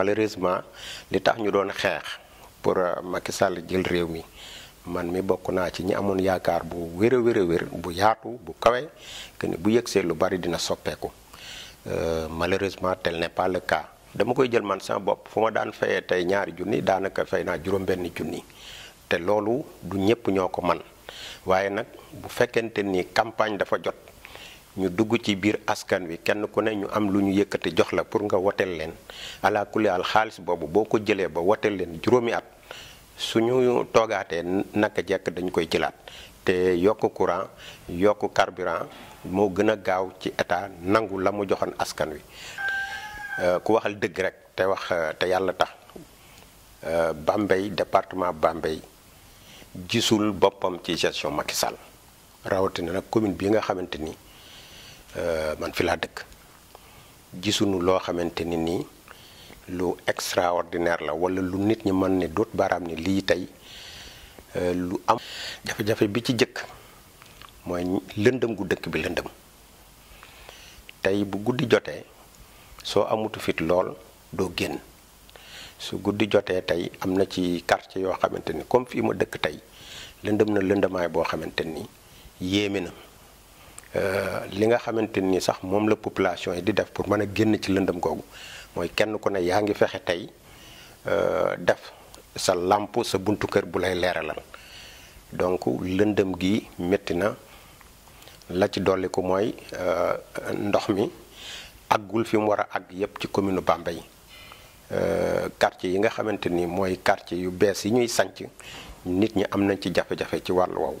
malheureusement li tax ñu doon xeex pour euh, Macky Sall jël réew mi man mi bokk naa ci ñi amoon yaakaar bu wér a wér wér bu yaatu bu kawe que ni bu yëgsee lu bari dina soppeeku euh, malheureusement tel n'est pas dama koy jël man sama bopp fu ma daan fayee tey ñaari junni daanaka fay naa juróom-benn junni te loolu du ñëpp ñoo ko man waaye nag bu fekkente ni campagne dafa jot ñu dugg ci biir askan wi kenn ku ne ñu am lu ñu yëkkati jox la pour nga woteel leen ala kulli al xaalis boobu boo ko jëlee ba woteel leen juróomi at suñu toogaatee naka jekk dañ koy jëlaat te yokk courant yokk carburant moo gën a gaaw ci état nangu la mu joxoon askan wi euh, ku waxal dëgg rek te wax te yàlla tax euh, Bambey département Bambey gisul boppam ci gestion Macky Sall rawatina nag commune bi nga xamante ni Euh, man fi laa dëkk gisunu loo xamante ni nii lu extraordinaire la wala lu nit ñi mën ne doot baaraam ne lii tey euh, lu am jafe-jafe bi ci jëkk mooy lëndëm gu dëkk bi lëndëm tey bu guddi jotee soo amutu fit lool doo génn su guddi jotee tey am na ci quartier yoo xamante ni comme fii ma dëkk tey lëndëm na lëndëmaay boo xamante ni yéeme na Euh, li nga xamante ni sax moom la population yi di def pour mën a génn ci lëndëm googu mooy kenn ku ne yaa ngi fexe tey euh, def sa làmp sa buntu kër bu lay leeralal donc lëndëm gi métti na la ci dolli ko mooy euh, ndox mi aggul fi mu war a àgg yépp ci commune Bambey quartier yi nga xamante ni mooy quartier yu bees yi ñuy sanc nit ñi am nañ ci jafe-jafe ci wàll woowu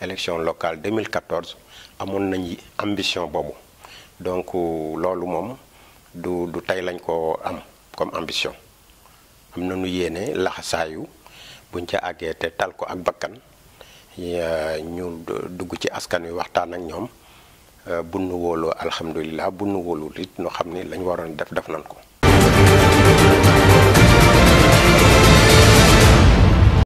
élection locale 2014 amoon nañ ambition boobu donc euh, loolu moom du du tey lañ ko am comme ambition am na nu yéene laxasaayu buñ ca àggee te tal ko ak bakkan ñu dugg ci askan wi waxtaan ak ñoom euh, bu nu wóoloo alhamdulilah bu nu wóolul noo xam ni lañ waroon def def nañ ko